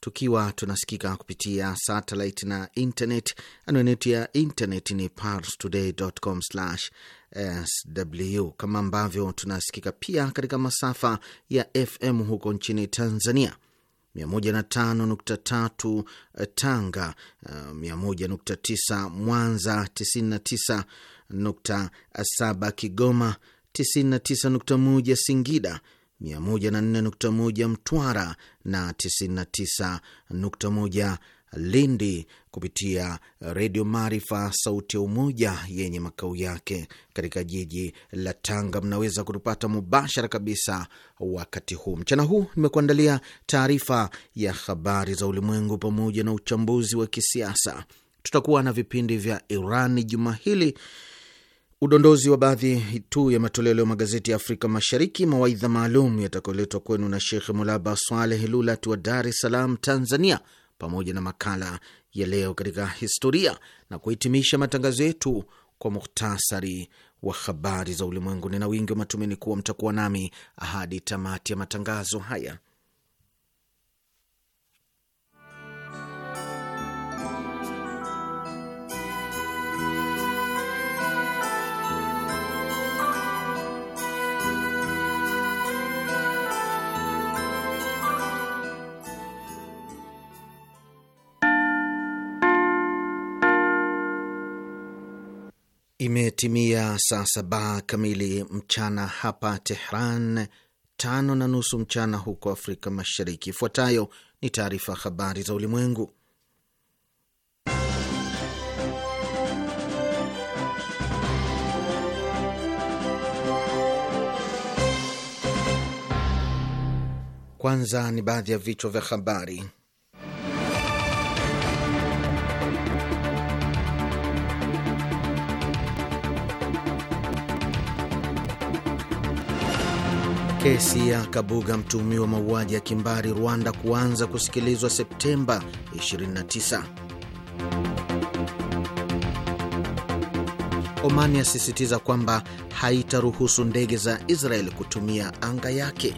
tukiwa tunasikika kupitia satellite na internet. Anwani yetu ya internet ni parstoday.com/sw, kama ambavyo tunasikika pia katika masafa ya FM huko nchini Tanzania 105.3 eh, Tanga, 101.9 eh, Mwanza, 99.7 Kigoma, 99.1 Singida 104.1 Mtwara na 99.1 Lindi kupitia Redio Maarifa Sauti ya Umoja yenye makao yake katika jiji la Tanga. Mnaweza kutupata mubashara kabisa wakati huu mchana huu. Nimekuandalia taarifa ya habari za ulimwengu pamoja na uchambuzi wa kisiasa. Tutakuwa na vipindi vya iran juma hili udondozi wa baadhi tu ya matoleo leo magazeti ya Afrika Mashariki, mawaidha maalum yatakayoletwa kwenu na Shekh Mulaba Swaleh Lulat wa Dar es Salaam, Tanzania, pamoja na makala ya leo katika historia na kuhitimisha matangazo yetu kwa muhtasari wa habari za ulimwengu. Nina wingi wa matumaini kuwa mtakuwa nami hadi tamati ya matangazo haya. Imetimia saa saba kamili mchana hapa Tehran, tano na nusu mchana huko Afrika Mashariki. Ifuatayo ni taarifa habari za ulimwengu, kwanza ni baadhi ya vichwa vya habari. Kesi ya Kabuga, mtuhumiwa mauaji ya kimbari Rwanda, kuanza kusikilizwa Septemba 29. Omani asisitiza kwamba haitaruhusu ndege za Israel kutumia anga yake.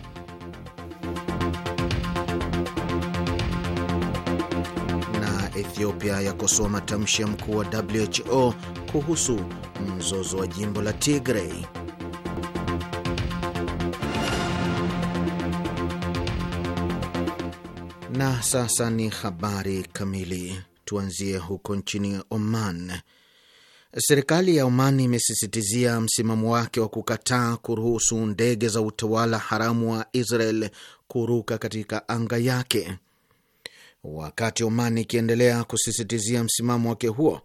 Na Ethiopia yakosoa matamshi ya mkuu wa WHO kuhusu mzozo wa jimbo la tigrey Na sasa ni habari kamili. Tuanzie huko nchini Oman. Serikali ya Oman imesisitizia msimamo wake wa kukataa kuruhusu ndege za utawala haramu wa Israel kuruka katika anga yake. Wakati Oman ikiendelea kusisitizia msimamo wake huo,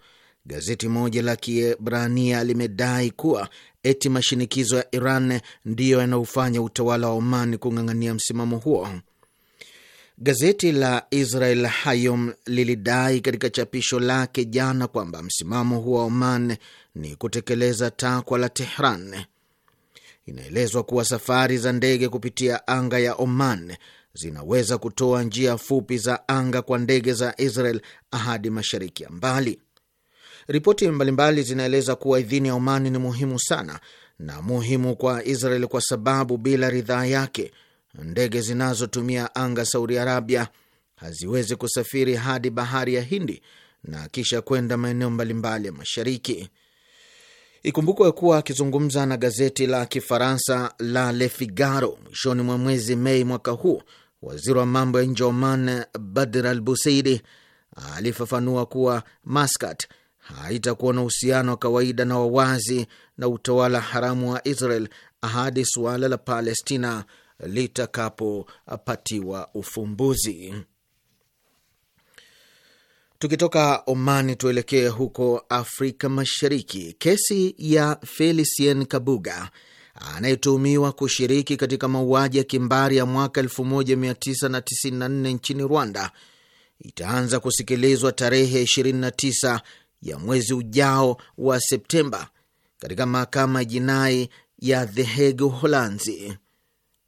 gazeti moja la Kiebrania limedai kuwa eti mashinikizo ya Iran ndiyo yanaofanya utawala wa Oman kung'ang'ania msimamo huo. Gazeti la Israel Hayom lilidai katika chapisho lake jana kwamba msimamo huo wa Oman ni kutekeleza takwa la Tehran. Inaelezwa kuwa safari za ndege kupitia anga ya Oman zinaweza kutoa njia fupi za anga kwa ndege za Israel hadi mashariki ya mbali. Ripoti mbalimbali zinaeleza kuwa idhini ya Oman ni muhimu sana na muhimu kwa Israel kwa sababu bila ridhaa yake ndege zinazotumia anga Saudi Arabia haziwezi kusafiri hadi bahari ya Hindi na kisha kwenda maeneo mbalimbali ya mashariki. Ikumbukwe kuwa akizungumza na gazeti la Kifaransa la Le Figaro mwishoni mwa mwezi Mei mwaka huu, waziri wa mambo ya nje wa Oman Badr Al Busaidi alifafanua kuwa Maskat haitakuwa na uhusiano wa kawaida na wawazi na utawala haramu wa Israel hadi suala la Palestina litakapopatiwa ufumbuzi. Tukitoka Omani tuelekee huko Afrika Mashariki. Kesi ya Felicien Kabuga anayetuhumiwa kushiriki katika mauaji ya kimbari ya mwaka 1994 nchini Rwanda itaanza kusikilizwa tarehe 29 ya mwezi ujao wa Septemba katika mahakama ya jinai ya The Hague, Uholanzi.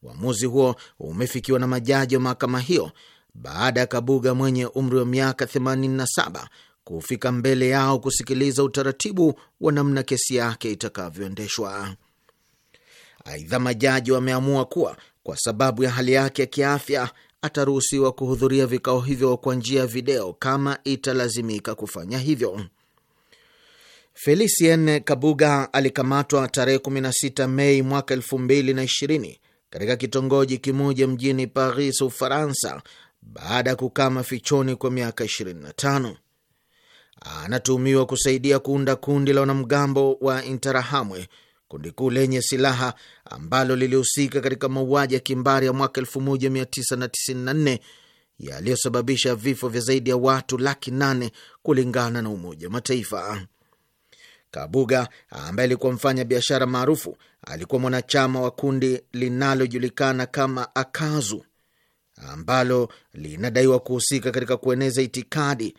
Uamuzi huo umefikiwa na majaji wa mahakama hiyo baada ya Kabuga mwenye umri wa miaka 87 kufika mbele yao kusikiliza utaratibu wa namna kesi yake itakavyoendeshwa. Aidha, majaji wameamua kuwa kwa sababu ya hali yake ya kiafya ataruhusiwa kuhudhuria vikao hivyo kwa njia ya video kama italazimika kufanya hivyo. Felicien Kabuga alikamatwa tarehe 16 Mei mwaka katika kitongoji kimoja mjini Paris, Ufaransa, baada ya kukaa mafichoni kwa miaka 25. Anatuhumiwa kusaidia kuunda kundi la wanamgambo wa Interahamwe, kundi kuu lenye silaha ambalo lilihusika katika mauaji ya kimbari ya mwaka 1994 yaliyosababisha vifo vya zaidi ya watu laki nane kulingana na Umoja Mataifa. Kabuga ambaye alikuwa mfanya biashara maarufu, alikuwa mwanachama wa kundi linalojulikana kama Akazu ambalo linadaiwa kuhusika katika kueneza itikadi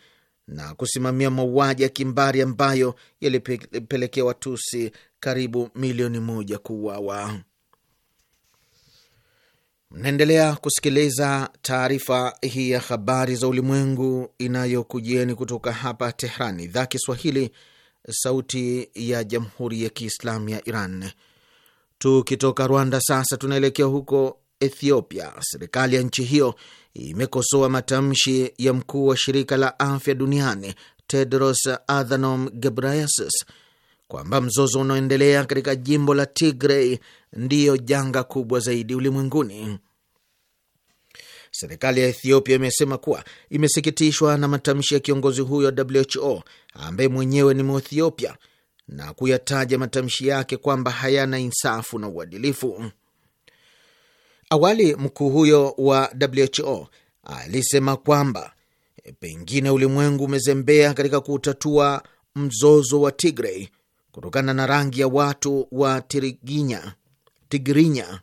na kusimamia mauaji ya kimbari ambayo yalipelekea Watusi karibu milioni moja kuuawa. Mnaendelea kusikiliza taarifa hii ya habari za ulimwengu inayokujieni kutoka hapa Tehrani, idhaa Kiswahili, Sauti ya Jamhuri ya Kiislamu ya Iran. Tukitoka Rwanda sasa tunaelekea huko Ethiopia. Serikali ya nchi hiyo imekosoa matamshi ya mkuu wa shirika la afya duniani Tedros Adhanom Ghebreyesus kwamba mzozo unaoendelea katika jimbo la Tigray ndiyo janga kubwa zaidi ulimwenguni. Serikali ya Ethiopia imesema kuwa imesikitishwa na matamshi ya kiongozi huyo wa WHO ambaye mwenyewe ni Mwethiopia na kuyataja matamshi yake kwamba hayana insafu na uadilifu. Awali mkuu huyo wa WHO alisema kwamba pengine ulimwengu umezembea katika kutatua mzozo wa Tigray kutokana na rangi ya watu wa Tigrinya. Tigrinya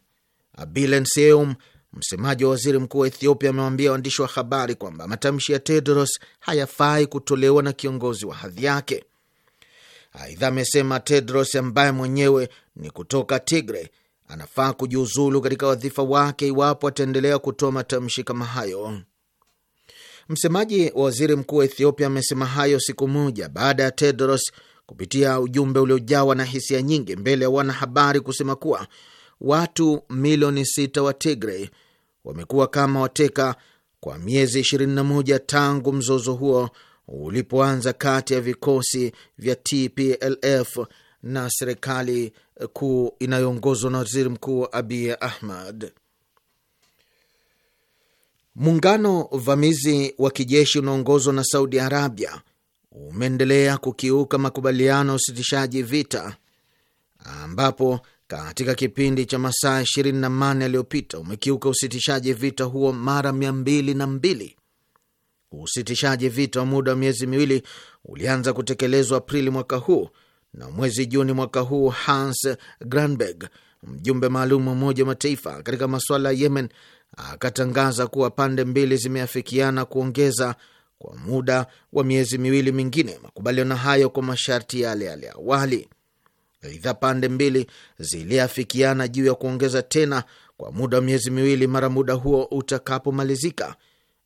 Msemaji wa waziri mkuu wa Ethiopia amewaambia waandishi wa habari kwamba matamshi ya Tedros hayafai kutolewa na kiongozi wa hadhi yake. Aidha amesema Tedros ambaye mwenyewe ni kutoka Tigre anafaa kujiuzulu katika wadhifa wake iwapo ataendelea kutoa matamshi kama hayo. Msemaji wa waziri mkuu wa Ethiopia amesema hayo siku moja baada ya Tedros kupitia ujumbe uliojawa na hisia nyingi mbele ya wanahabari kusema kuwa watu milioni sita wa Tigray wamekuwa kama wateka kwa miezi 21 tangu mzozo huo ulipoanza kati ya vikosi vya TPLF na serikali kuu inayoongozwa na waziri mkuu Abiy Ahmed. Muungano uvamizi wa kijeshi unaoongozwa na Saudi Arabia umeendelea kukiuka makubaliano ya usitishaji vita ambapo katika kipindi cha masaa 28 yaliyopita umekiuka usitishaji vita huo mara 202. Usitishaji vita wa muda wa miezi miwili ulianza kutekelezwa Aprili mwaka huu, na mwezi Juni mwaka huu Hans Granberg, mjumbe maalum wa Umoja wa Mataifa katika masuala ya Yemen, akatangaza kuwa pande mbili zimeafikiana kuongeza kwa muda wa miezi miwili mingine makubaliano hayo kwa masharti yale yale awali. Aidha, pande mbili ziliafikiana juu ya kuongeza tena kwa muda wa miezi miwili mara muda huo utakapomalizika.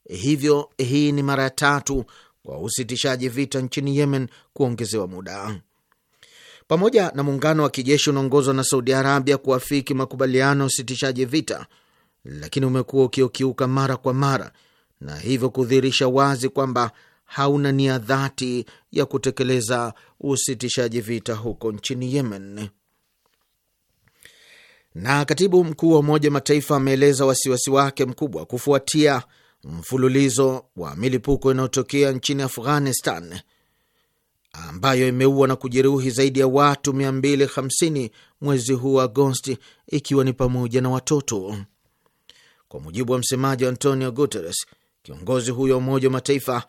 Hivyo hii ni mara ya tatu kwa usitishaji vita nchini Yemen kuongezewa muda. Pamoja na muungano wa kijeshi unaongozwa na Saudi Arabia kuafiki makubaliano ya usitishaji vita, lakini umekuwa ukiokiuka mara kwa mara na hivyo kudhihirisha wazi kwamba hauna nia dhati ya kutekeleza usitishaji vita huko nchini Yemen. Na katibu mkuu wa Umoja Mataifa ameeleza wasiwasi wake mkubwa kufuatia mfululizo wa milipuko inayotokea nchini Afghanistan ambayo imeua na kujeruhi zaidi ya watu 250 mwezi huu wa Agosti, ikiwa ni pamoja na watoto. Kwa mujibu wa msemaji wa Antonio Guterres, kiongozi huyo wa Umoja wa Mataifa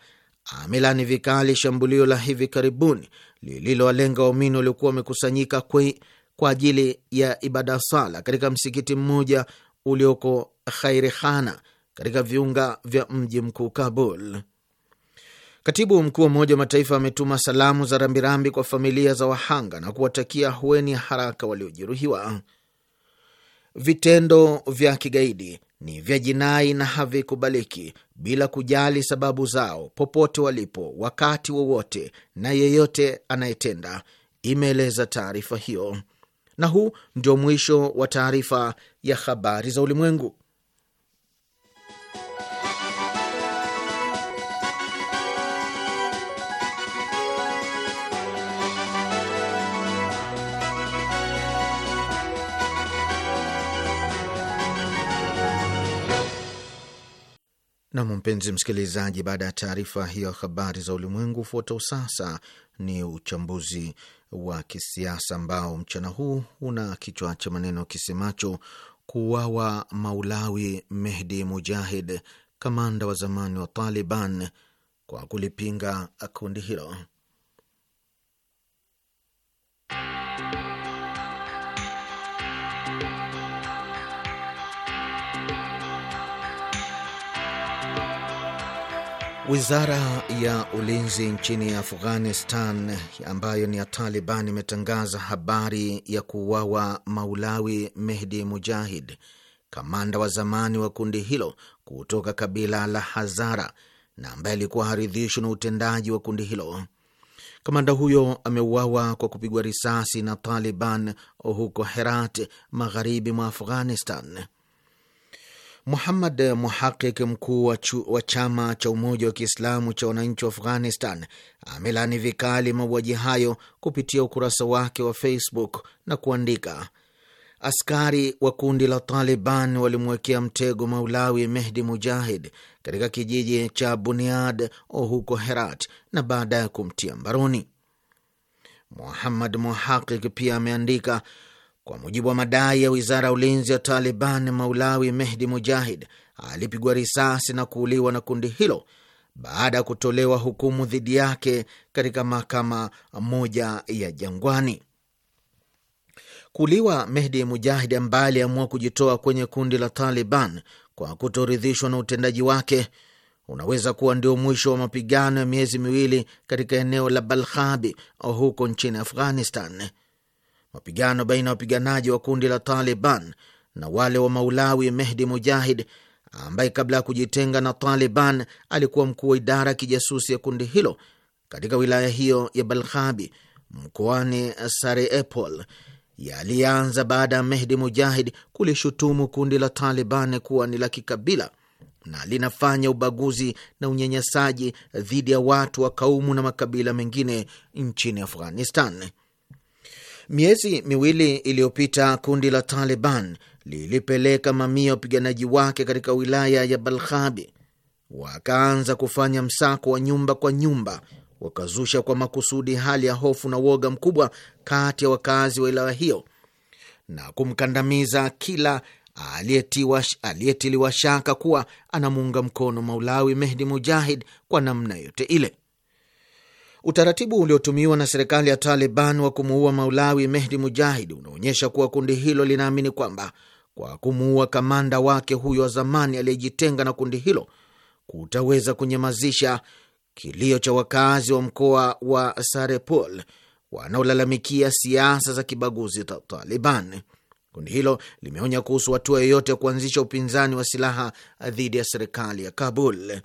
amelani vikali shambulio la hivi karibuni lililowalenga waumini waliokuwa wamekusanyika kwa ajili ya ibada sala katika msikiti mmoja ulioko Khairi katika viunga vya mji mkuu Kabul. Katibu mkuu wa Umoja wa Mataifa ametuma salamu za rambirambi kwa familia za wahanga na kuwatakia hueni haraka waliojeruhiwa. Vitendo vya kigaidi ni vya jinai na havikubaliki bila kujali sababu zao, popote walipo, wakati wowote, na yeyote anayetenda, imeeleza taarifa hiyo. Na huu ndio mwisho wa taarifa ya habari za ulimwengu. Nam, mpenzi msikilizaji, baada ya taarifa hiyo habari za ulimwengu, ufuata sasa ni uchambuzi wa kisiasa ambao mchana huu una kichwa cha maneno kisemacho kuuawa Maulawi Mehdi Mujahid, kamanda wa zamani wa Taliban kwa kulipinga kundi hilo. Wizara ya ulinzi nchini Afghanistan ambayo ni ya Taliban imetangaza habari ya kuuawa Maulawi Mehdi Mujahid, kamanda wa zamani wa kundi hilo kutoka kabila la Hazara na ambaye alikuwa haridhishwi na utendaji wa kundi hilo. Kamanda huyo ameuawa kwa kupigwa risasi na Taliban huko Herat, magharibi mwa Afghanistan. Muhammad Muhaqik, mkuu wa chama cha Umoja wa Kiislamu cha wananchi wa Afghanistan, amelani vikali mauaji hayo kupitia ukurasa wake wa Facebook na kuandika, askari wa kundi la Taliban walimwekea mtego Maulawi Mehdi Mujahid katika kijiji cha Buniad huko Herat na baadaye kumtia mbaroni. Muhammad Muhaqik pia ameandika kwa mujibu wa madai ya wizara ya ulinzi ya Taliban, Maulawi Mehdi Mujahid alipigwa risasi na kuuliwa na kundi hilo baada ya kutolewa hukumu dhidi yake katika mahakama moja ya jangwani. Kuuliwa Mehdi Mujahid, ambaye aliamua kujitoa kwenye kundi la Taliban kwa kutoridhishwa na utendaji wake, unaweza kuwa ndio mwisho wa mapigano ya miezi miwili katika eneo la Balkhabi huko nchini Afghanistan. Mapigano baina ya wapiganaji wa kundi la Taliban na wale wa Maulawi Mehdi Mujahid ambaye kabla ya kujitenga na Taliban alikuwa mkuu wa idara ya kijasusi ya kundi hilo katika wilaya hiyo ya Balkhabi mkoani Sareepol yalianza baada ya Mehdi Mujahid kulishutumu kundi la Taliban kuwa ni la kikabila na linafanya ubaguzi na unyanyasaji dhidi ya watu wa kaumu na makabila mengine nchini Afghanistan. Miezi miwili iliyopita kundi la Taliban lilipeleka mamia ya wapiganaji wake katika wilaya ya Balkhabi, wakaanza kufanya msako wa nyumba kwa nyumba, wakazusha kwa makusudi hali ya hofu na woga mkubwa kati ya wakazi wa wilaya hiyo na kumkandamiza kila aliyetiliwa shaka kuwa anamuunga mkono Maulawi Mehdi Mujahid kwa namna yote ile. Utaratibu uliotumiwa na serikali ya Taliban wa kumuua Maulawi Mehdi Mujahid unaonyesha kuwa kundi hilo linaamini kwamba kwa kumuua kamanda wake huyo wa zamani aliyejitenga na kundi hilo kutaweza kunyamazisha kilio cha wakazi wa mkoa wa Sarepol wanaolalamikia siasa za kibaguzi za Taliban. Kundi hilo limeonya kuhusu hatua yoyote ya kuanzisha upinzani wa silaha dhidi ya serikali ya Kabul.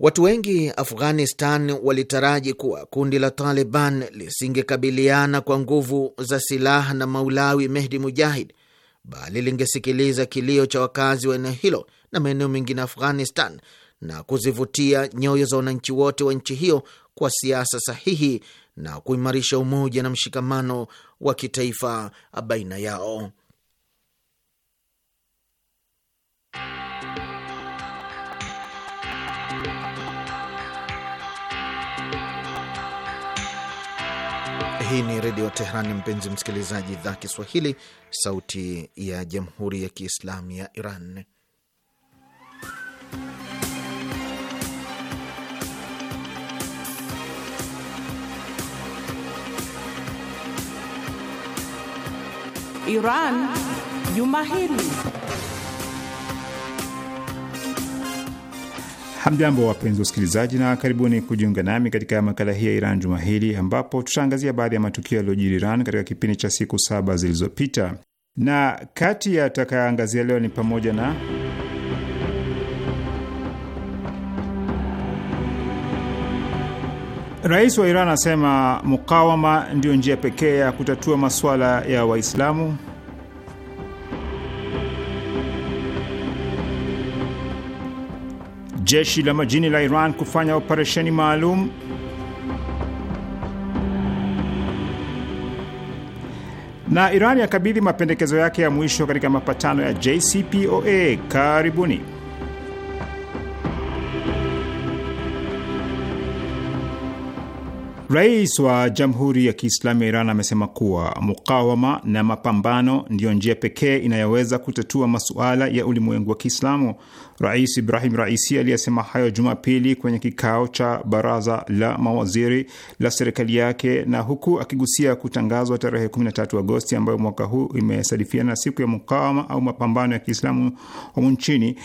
Watu wengi Afghanistan walitaraji kuwa kundi la Taliban lisingekabiliana kwa nguvu za silaha na Maulawi Mehdi Mujahid, bali lingesikiliza kilio cha wakazi wa eneo hilo na maeneo mengine Afghanistan na kuzivutia nyoyo za wananchi wote wa nchi hiyo kwa siasa sahihi na kuimarisha umoja na mshikamano wa kitaifa baina yao. Hii ni Redio Teherani, mpenzi msikilizaji, idhaa Kiswahili, sauti ya jamhuri ya kiislamu ya Iran. Iran Juma Hili. Hamjambo, wapenzi wasikilizaji, na karibuni kujiunga nami katika makala hii ya Iran juma hili, ambapo tutaangazia baadhi ya matukio yaliyojiri Iran katika kipindi cha siku saba zilizopita, na kati ya atakayoangazia leo ni pamoja na Rais wa Iran asema mukawama ndiyo njia pekee ya kutatua masuala ya Waislamu. jeshi la majini la Iran kufanya operesheni maalum na Iran yakabidhi mapendekezo yake ya mwisho katika mapatano ya JCPOA. Karibuni. Rais wa Jamhuri ya Kiislamu ya Iran amesema kuwa mukawama na mapambano ndiyo njia pekee inayoweza kutatua masuala ya ulimwengu wa Kiislamu. Rais Ibrahim Raisi aliyesema hayo Jumapili kwenye kikao cha baraza la mawaziri la serikali yake, na huku akigusia kutangazwa tarehe 13 Agosti ambayo mwaka huu imesadifiana na siku ya mukawama au mapambano ya Kiislamu humu nchini,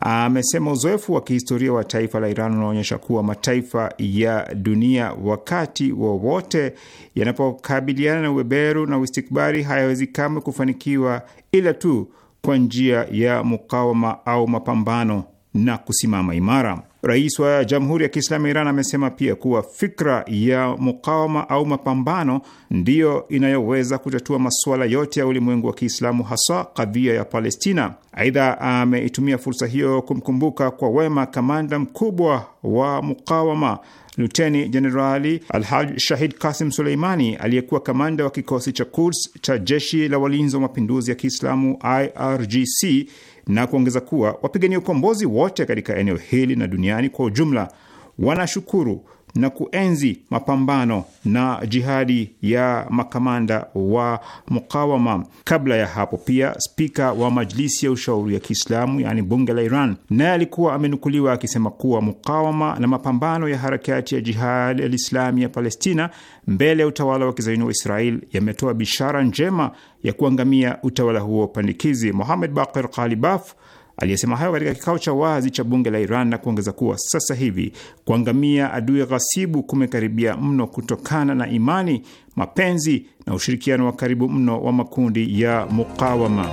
amesema uzoefu wa kihistoria wa taifa la Iran unaonyesha kuwa mataifa ya dunia wakati wakati wowote yanapokabiliana na ubeberu na uistikbari hayawezi kamwe kufanikiwa ila tu kwa njia ya mukawama au mapambano na kusimama imara. Rais wa Jamhuri ya Kiislamu ya Iran amesema pia kuwa fikra ya mukawama au mapambano ndiyo inayoweza kutatua masuala yote ya ulimwengu wa Kiislamu, hasa kadhia ya Palestina. Aidha, ameitumia fursa hiyo kumkumbuka kwa wema kamanda mkubwa wa mukawama Luteni Jenerali Alhaj Shahid Kasim Suleimani aliyekuwa kamanda wa kikosi cha Kurs cha jeshi la walinzi wa mapinduzi ya Kiislamu IRGC na kuongeza kuwa wapigania ukombozi wote katika eneo hili na duniani kwa ujumla wanashukuru na kuenzi mapambano na jihadi ya makamanda wa mukawama. Kabla ya hapo pia, spika wa Majlisi ya Ushauri ya Kiislamu, yaani bunge la Iran, naye alikuwa amenukuliwa akisema kuwa mukawama na mapambano ya harakati ya Jihadi Alislami ya Palestina mbele ya utawala wa kizaini wa Israel yametoa bishara njema ya kuangamia utawala huo pandikizi. Mohamed Bakir Kalibaf Aliyesema hayo katika kikao cha wazi cha bunge la Iran na kuongeza kuwa sasa hivi kuangamia adui ghasibu kumekaribia mno kutokana na imani, mapenzi na ushirikiano wa karibu mno wa makundi ya mukawama.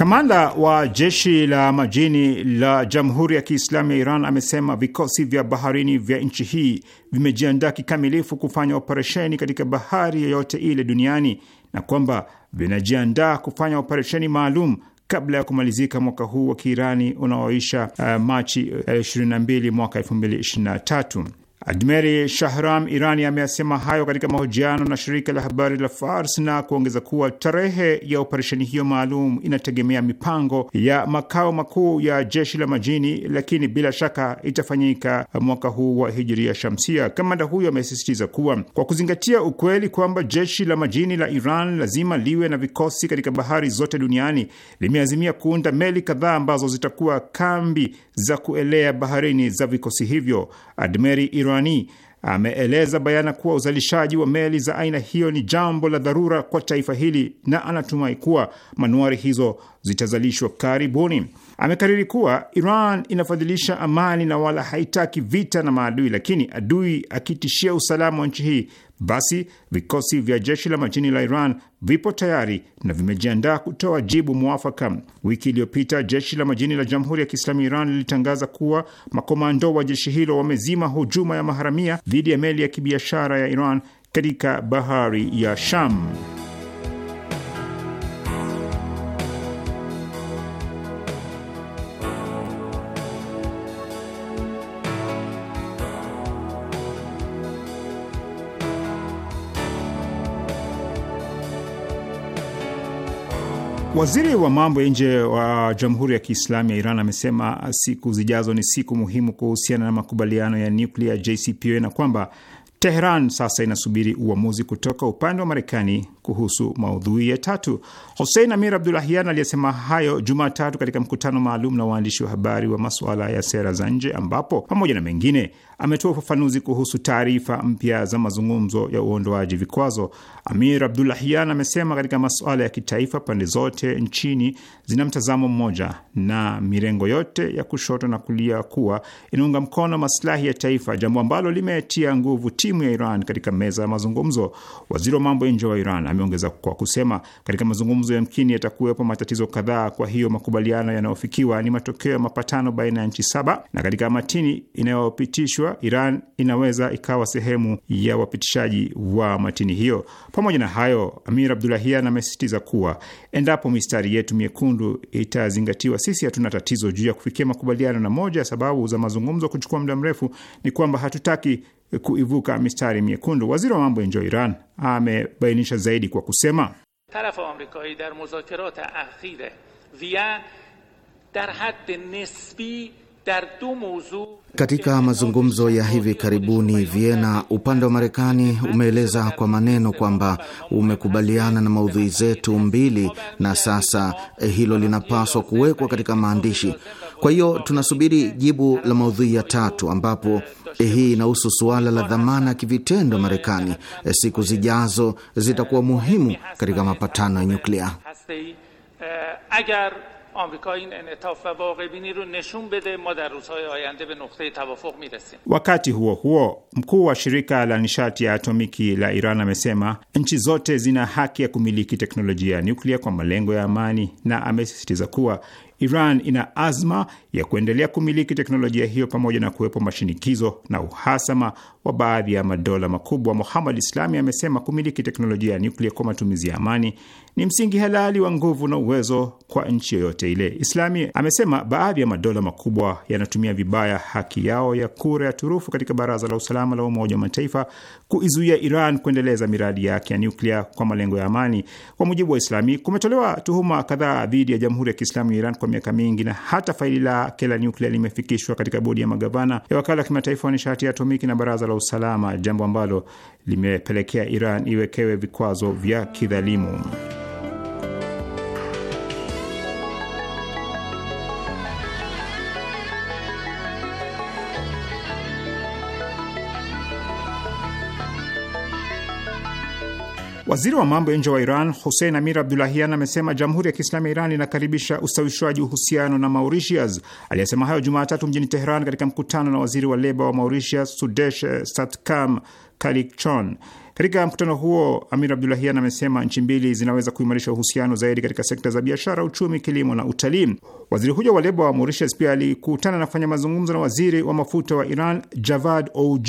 Kamanda wa jeshi la majini la Jamhuri ya Kiislamu ya Iran amesema vikosi vya baharini vya nchi hii vimejiandaa kikamilifu kufanya operesheni katika bahari yoyote ile duniani na kwamba vinajiandaa kufanya operesheni maalum kabla ya kumalizika mwaka huu wa Kiirani unaoisha uh, Machi 22 uh, mwaka 2023 admeri Shahram Irani ameyasema hayo katika mahojiano na shirika la habari la Fars na kuongeza kuwa tarehe ya operesheni hiyo maalum inategemea mipango ya makao makuu ya jeshi la majini, lakini bila shaka itafanyika mwaka huu wa hijiria shamsia. Kamanda huyo amesisitiza kuwa kwa kuzingatia ukweli kwamba jeshi la majini la Iran lazima liwe na vikosi katika bahari zote duniani, limeazimia kuunda meli kadhaa ambazo zitakuwa kambi za kuelea baharini za vikosi hivyo. Admeri Irani ameeleza bayana kuwa uzalishaji wa meli za aina hiyo ni jambo la dharura kwa taifa hili na anatumai kuwa manuari hizo zitazalishwa karibuni. Amekariri kuwa Iran inafadhilisha amani na wala haitaki vita na maadui, lakini adui akitishia usalama wa nchi hii, basi vikosi vya jeshi la majini la Iran vipo tayari na vimejiandaa kutoa jibu mwafaka. Wiki iliyopita jeshi la majini la Jamhuri ya Kiislamu Iran lilitangaza kuwa makomando wa jeshi hilo wamezima hujuma ya maharamia dhidi ya meli ya kibiashara ya Iran katika bahari ya Sham. Waziri wa mambo ya nje wa Jamhuri ya Kiislamu ya Iran amesema siku zijazo ni siku muhimu kuhusiana na makubaliano ya nuklia JCPOA na kwamba Teheran sasa inasubiri uamuzi kutoka upande wa Marekani kuhusu maudhui ya tatu. Hussein Amir Abdulahian aliyesema hayo Jumatatu katika mkutano maalum na waandishi wa habari wa masuala ya sera za nje, ambapo pamoja na mengine ametoa ufafanuzi kuhusu taarifa mpya za mazungumzo ya uondoaji vikwazo. Amir Abdulahian amesema katika masuala ya kitaifa pande zote nchini zina mtazamo mmoja na mirengo yote ya kushoto na kulia kuwa inaunga mkono maslahi ya taifa, jambo ambalo limetia nguvu timu ya Iran katika meza ya mazungumzo. Waziri wa mambo ya nje wa Iran ameongeza kwa kusema, katika mazungumzo mkini yatakuwepo matatizo kadhaa, kwa hiyo makubaliano yanayofikiwa ni matokeo ya mapatano baina ya nchi saba na katika matini inayopitishwa kuwa Iran inaweza ikawa sehemu ya wapitishaji wa matini hiyo. Pamoja na hayo, Amir Abdulahian amesisitiza kuwa endapo mistari yetu miekundu itazingatiwa, sisi hatuna tatizo juu ya kufikia makubaliano, na moja ya sababu za mazungumzo kuchukua muda mrefu ni kwamba hatutaki kuivuka mistari miekundu. Waziri wa mambo ya nje wa Iran amebainisha zaidi kwa kusema katika mazungumzo ya hivi karibuni Vienna, upande wa Marekani umeeleza kwa maneno kwamba umekubaliana na maudhui zetu mbili, na sasa eh, hilo linapaswa kuwekwa katika maandishi. Kwa hiyo tunasubiri jibu la maudhui ya tatu, ambapo eh, hii inahusu suala la dhamana ya kivitendo Marekani. Eh, siku zijazo zitakuwa muhimu katika mapatano ya nyuklia. آمریکا این انعطاف و واقع بینی رو نشون بده ما در روزهای آینده به نقطه توافق میرسیم. Wakati huo huo, mkuu wa shirika la nishati ya atomiki la Iran amesema nchi zote zina haki ya kumiliki teknolojia ya nuklia kwa malengo ya amani, na amesisitiza kuwa Iran ina azma ya kuendelea kumiliki teknolojia hiyo pamoja na kuwepo mashinikizo na uhasama wa baadhi ya madola makubwa, Muhammad Islami amesema kumiliki teknolojia ya nyuklia kwa matumizi ya amani ni msingi halali wa nguvu na uwezo kwa nchi yoyote ile. Islami amesema baadhi ya madola makubwa yanatumia vibaya haki yao ya kura ya turufu katika Baraza la Usalama la Umoja wa Mataifa kuizuia Iran kuendeleza miradi yake ya nyuklia kwa malengo ya amani. Kwa mujibu wa Islami, kumetolewa tuhuma kadhaa dhidi ya Jamhuri ya Kiislamu ya Iran kwa miaka mingi na hata faili la lake la nyuklia limefikishwa katika bodi ya magavana ya wakala wa kimataifa wa nishati ya atomiki na baraza la usalama, jambo ambalo limepelekea Iran iwekewe vikwazo vya kidhalimu. Waziri wa mambo ya nje wa Iran Hussein Amir Abdulahian amesema Jamhuri ya Kiislamu ya Iran inakaribisha ustawishwaji uhusiano na Mauritius. Aliyesema hayo Jumatatu mjini Teheran katika mkutano na waziri wa leba wa Mauritius Sudesh Satkam Kalikchon. Katika mkutano huo, Amir Abdulahian amesema nchi mbili zinaweza kuimarisha uhusiano zaidi katika sekta za biashara, uchumi, kilimo na utalii. Waziri huyo wa leba wa Mauritius pia alikutana na kufanya mazungumzo na waziri wa mafuta wa Iran, Javad Og,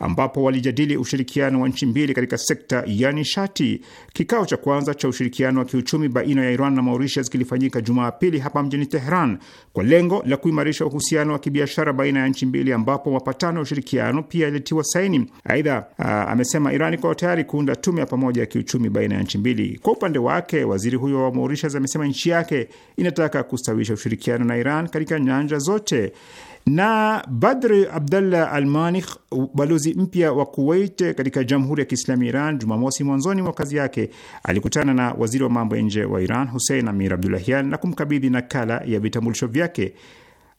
ambapo walijadili ushirikiano wa nchi mbili katika sekta ya nishati. Kikao cha kwanza cha ushirikiano wa kiuchumi baina ya Iran na Mauritius kilifanyika Jumapili hapa mjini Tehran kwa lengo la kuimarisha uhusiano wa kibiashara baina ya nchi mbili, ambapo mapatano ya ushirikiano pia yalitiwa saini. Aidha, ah, amesema Iran ambao tayari kuunda tume ya pamoja ya kiuchumi baina ya nchi mbili. Kwa upande wake, waziri huyo wa Mauritius amesema nchi yake inataka kustawisha ushirikiano na Iran katika nyanja zote. Na Badr Abdallah Almanih, balozi mpya wa Kuwait katika Jamhuri ya Kiislamu ya Iran, Jumamosi mwanzoni mwa kazi yake alikutana na waziri wa mambo ya nje wa Iran Hussein Amir Abdulahian na kumkabidhi nakala ya vitambulisho vyake.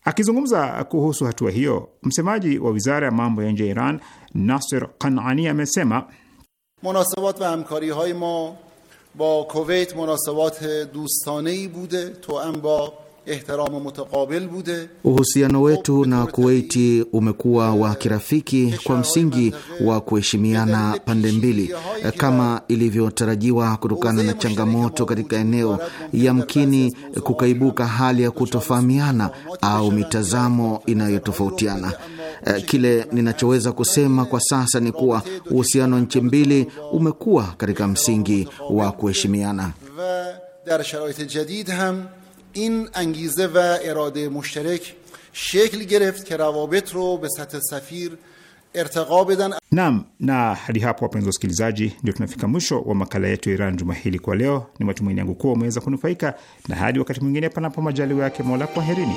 Akizungumza kuhusu hatua hiyo, msemaji wa wizara ya mambo ya nje ya Iran Nasir Kanani amesema مناسبات و همکاری های ما با کویت مناسبات دوستانه بوده تو با Uhusiano wetu na Kuwaiti umekuwa wa kirafiki kwa msingi wa kuheshimiana pande mbili, kama ilivyotarajiwa. Kutokana na changamoto katika eneo, yamkini kukaibuka hali ya kutofahamiana au mitazamo inayotofautiana. Kile ninachoweza kusema kwa sasa ni kuwa uhusiano wa nchi mbili umekuwa katika msingi wa kuheshimiana. این انگیزه و اراده مشترک شکل گرفت که روابط رو به سطح سفیر Ertaqa bedan... Naam, na hadi hapo wapenzi wasikilizaji, ndio tunafika mwisho wa makala yetu ya Iran juma hili kwa leo. Ni matumaini yangu kuwa umeweza kunufaika, na hadi wakati mwingine, panapo majaliwa yake Mola, kwaherini.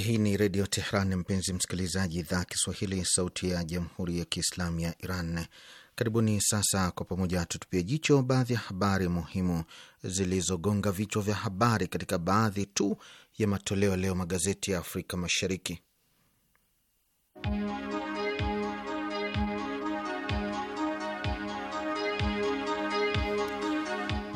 Hii ni Redio Tehran, mpenzi msikilizaji, idhaa Kiswahili, sauti ya jamhuri ya kiislamu ya Iran. Karibuni sasa kwa pamoja tutupie jicho baadhi ya habari muhimu zilizogonga vichwa vya habari katika baadhi tu ya matoleo leo magazeti ya Afrika Mashariki.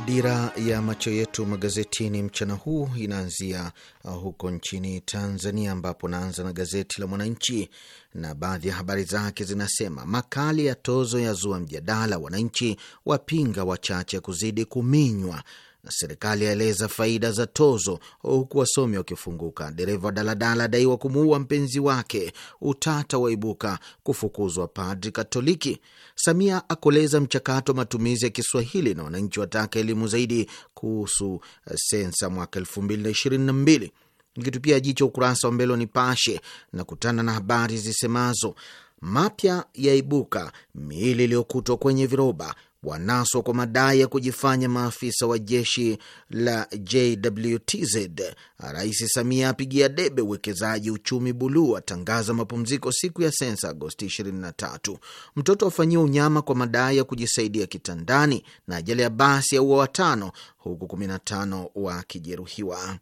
Dira ya macho yetu magazetini mchana huu inaanzia uh, huko nchini Tanzania, ambapo naanza na gazeti la Mwananchi na baadhi ya habari zake zinasema: makali ya tozo ya zua mjadala, wananchi wapinga wachache kuzidi kuminywa na serikali yaeleza faida za tozo, huku wasomi wakifunguka. Dereva daladala daiwa kumuua mpenzi wake, utata waibuka kufukuzwa padri Katoliki. Samia akoleza mchakato wa matumizi ya Kiswahili na wananchi wataka elimu zaidi kuhusu eh, sensa mwaka elfu mbili na ishirini na mbili. Nikitupia jicho ukurasa wa mbele wa Nipashe na kutana na habari zisemazo mapya yaibuka, miili iliyokutwa kwenye viroba wanaswa kwa madai ya kujifanya maafisa wa jeshi la JWTZ. Rais Samia apigia debe uwekezaji uchumi buluu, atangaza mapumziko siku ya sensa Agosti 23. Mtoto afanyiwa unyama kwa madai ya kujisaidia kitandani, na ajali ya basi ya ua watano, huku 15 wakijeruhiwa.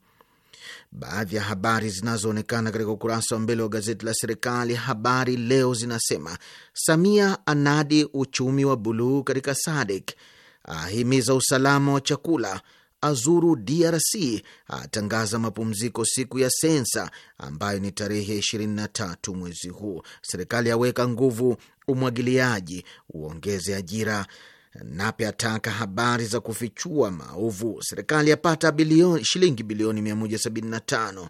Baadhi ya habari zinazoonekana katika ukurasa wa mbele wa gazeti la serikali Habari Leo zinasema Samia anadi uchumi wa buluu katika SADC, ahimiza usalama wa chakula, azuru DRC, atangaza mapumziko siku ya sensa ambayo ni tarehe 23 mwezi huu. Serikali aweka nguvu umwagiliaji, uongeze ajira Nape ataka habari za kufichua maovu. Serikali yapata bilioni, shilingi bilioni 175 uh,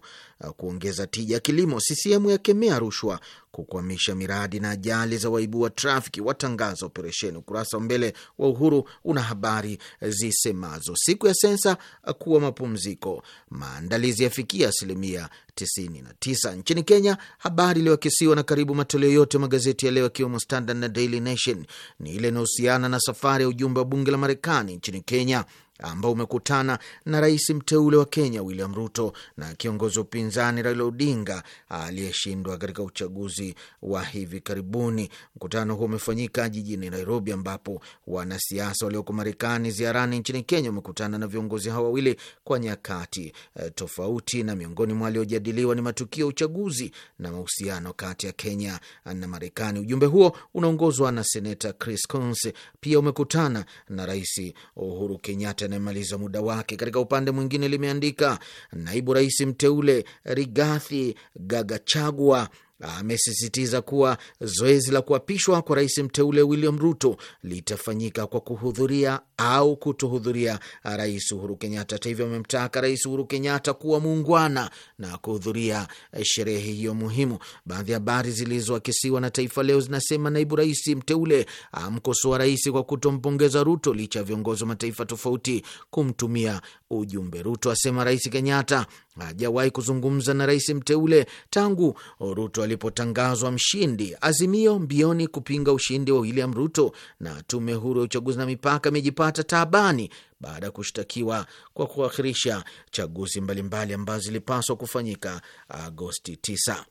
kuongeza tija ya kilimo. CCM yakemea rushwa kukwamisha miradi na ajali za waibu wa trafiki watangaza operesheni. Ukurasa wa mbele wa Uhuru una habari zisemazo siku ya sensa kuwa mapumziko, maandalizi yafikia asilimia 99. Nchini Kenya, habari iliyoakisiwa na karibu matoleo yote ya magazeti ya leo yakiwemo Standard na Daily Nation ni ile inayohusiana na safari ya ujumbe wa bunge la Marekani nchini Kenya ambao umekutana na rais mteule wa Kenya William Ruto na kiongozi wa upinzani Raila Odinga aliyeshindwa katika uchaguzi wa hivi karibuni. Mkutano huo umefanyika jijini Nairobi, ambapo wanasiasa walioko Marekani ziarani nchini Kenya wamekutana na viongozi hao wawili kwa nyakati e, tofauti, na miongoni mwa waliojadiliwa ni matukio ya uchaguzi na mahusiano kati ya Kenya na Marekani. Ujumbe huo unaongozwa na seneta Chris Coons, pia umekutana na rais Uhuru Kenyatta yanayemaliza muda wake. Katika upande mwingine, limeandika naibu rais mteule Rigathi Gagachagua amesisitiza kuwa zoezi la kuapishwa kwa rais mteule William Ruto litafanyika kwa kuhudhuria au kutohudhuria rais Uhuru Kenyatta. Hata hivyo, amemtaka rais Uhuru Kenyatta kuwa muungwana na kuhudhuria sherehe hiyo muhimu. Baadhi ya habari zilizoakisiwa na Taifa Leo zinasema naibu rais mteule amkosoa rais kwa kutompongeza Ruto licha ya viongozi wa mataifa tofauti kumtumia ujumbe. Ruto asema rais Kenyatta hajawahi kuzungumza na rais mteule tangu Ruto alipotangazwa mshindi. Azimio mbioni kupinga ushindi wa William Ruto, na tume huru ya uchaguzi na mipaka imejipata taabani baada ya kushtakiwa kwa kuakhirisha chaguzi mbalimbali ambazo zilipaswa kufanyika Agosti 9.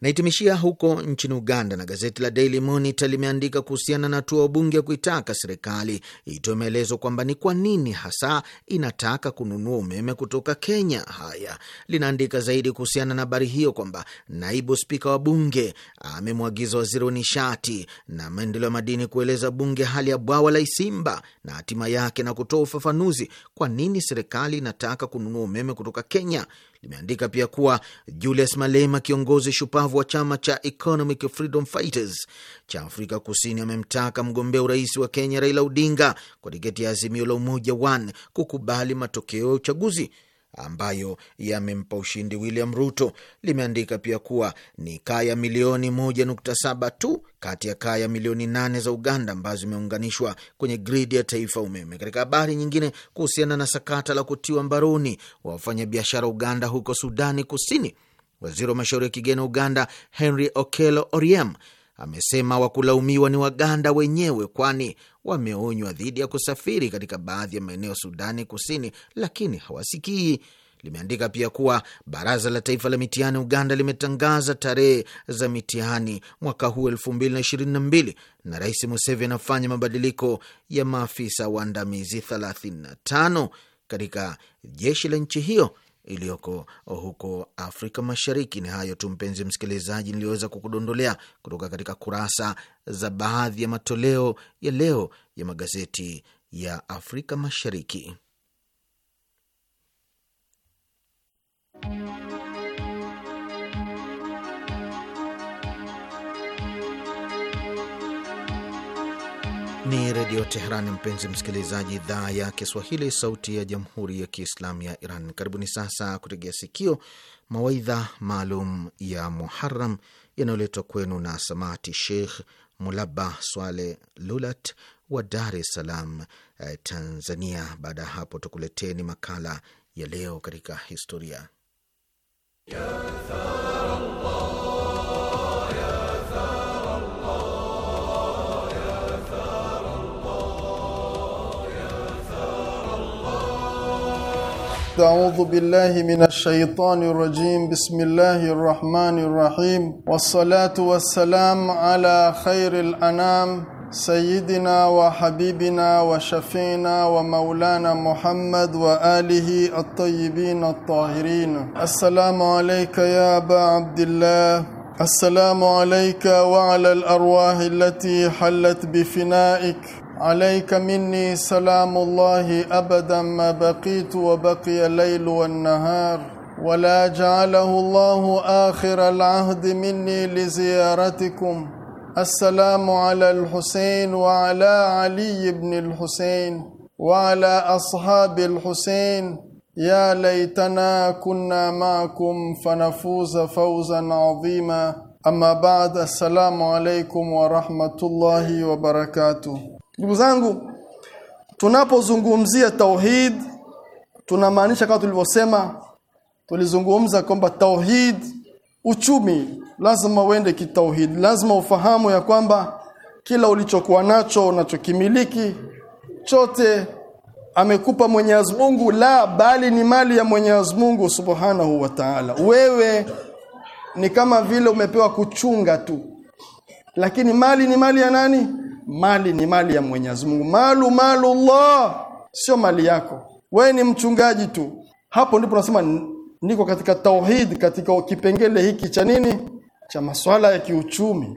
Naitimishia huko nchini Uganda, na gazeti la Daily Monitor limeandika kuhusiana na hatua wabunge ya kuitaka serikali itoe maelezo kwamba ni kwa nini hasa inataka kununua umeme kutoka Kenya. Haya linaandika zaidi kuhusiana na habari hiyo kwamba naibu spika wa bunge amemwagiza waziri wa nishati na maendeleo ya madini kueleza bunge hali ya bwawa la Isimba na hatima yake na kutoa ufafanuzi kwa nini serikali inataka kununua umeme kutoka Kenya limeandika pia kuwa Julius Malema, kiongozi shupavu wa chama cha Economic Freedom Fighters cha Afrika Kusini, amemtaka mgombea urais wa Kenya Raila Odinga kwa tiketi ya Azimio la Umoja One kukubali matokeo ya uchaguzi ambayo yamempa ushindi William Ruto. Limeandika pia kuwa ni kaya milioni 1.7 tu kati ya kaya milioni 8 za Uganda ambazo zimeunganishwa kwenye gridi ya taifa umeme. Katika habari nyingine kuhusiana na sakata la kutiwa mbaroni wa wafanyabiashara Uganda huko Sudani Kusini, waziri wa mashauri ya kigeni Uganda Henry Okello Oriem amesema wakulaumiwa ni Waganda wenyewe, kwani wameonywa dhidi ya kusafiri katika baadhi ya maeneo Sudani Kusini, lakini hawasikii. Limeandika pia kuwa Baraza la Taifa la Mitihani Uganda limetangaza tarehe za mitihani mwaka huu elfu mbili na ishirini na mbili na Rais Museveni anafanya mabadiliko ya maafisa waandamizi 35 katika jeshi la nchi hiyo iliyoko huko Afrika Mashariki. Ni hayo tu, mpenzi msikilizaji, niliyoweza kukudondolea kutoka katika kurasa za baadhi ya matoleo ya leo ya magazeti ya Afrika Mashariki. Ni Redio Teherani, mpenzi msikilizaji, idhaa ya Kiswahili, sauti ya jamhuri ya kiislamu ya Iran. Karibuni sasa kutegea sikio mawaidha maalum ya Muharam yanayoletwa kwenu na samati Sheikh Mulaba Swale Lulat wa Dar es Salaam, eh, Tanzania. Baada ya hapo, tukuleteni makala ya leo katika historia ya أعوذ بالله من الشيطان الرجيم بسم الله الرحمن الرحيم والصلاة والسلام على خير الأنام سيدنا وحبيبنا وشفينا ومولانا محمد وآله الطيبين الطاهرين السلام عليك يا أبا عبد الله السلام عليك وعلى الأرواح التي حلت بفنائك عليك مني سلام الله أبدا ما بقيت وبقي الليل والنهار ولا جعله الله آخر العهد مني لزيارتكم السلام على الحسين وعلى علي بن الحسين وعلى أصحاب الحسين يا ليتنا كنا معكم فنفوز فوزا عظيما أما بعد السلام عليكم ورحمة الله وبركاته Ndugu zangu, tunapozungumzia tauhid tunamaanisha kama tulivyosema, tulizungumza kwamba tauhid uchumi lazima uende kitauhid, lazima ufahamu ya kwamba kila ulichokuwa nacho unachokimiliki chote amekupa Mwenyezi Mungu, la bali ni mali ya Mwenyezi Mungu Subhanahu wa Ta'ala. Wewe ni kama vile umepewa kuchunga tu, lakini mali ni mali ya nani? mali ni mali ya Mwenyezi Mungu. Malu Allah, sio mali yako. Wewe ni mchungaji tu. Hapo ndipo nasema niko katika tauhid, katika kipengele hiki cha nini, cha masuala ya kiuchumi.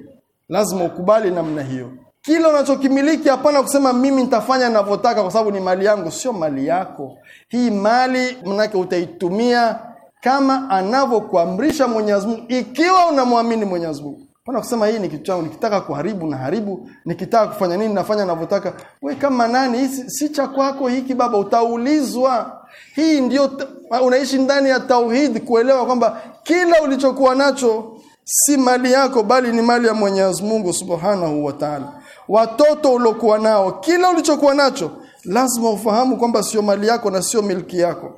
Lazima ukubali namna hiyo. Kila unachokimiliki hapana kusema mimi nitafanya ninavyotaka kwa sababu ni mali yangu. Sio mali yako hii. Mali manake utaitumia kama anavyokuamrisha Mwenyezi Mungu, ikiwa unamwamini Mwenyezi Mungu. Mbona kusema hii ni kitu changu, nikitaka kuharibu na haribu, nikitaka kufanya nini nafanya ninavyotaka. We kama nani, hii si cha kwako hiki baba, utaulizwa. Hii ndio unaishi ndani ya tauhid, kuelewa kwamba kila ulichokuwa nacho si mali yako, bali ni mali ya Mwenyezi Mungu Subhanahu wa Ta'ala. Watoto uliokuwa nao, kila ulichokuwa nacho, lazima ufahamu kwamba sio mali yako na sio milki yako.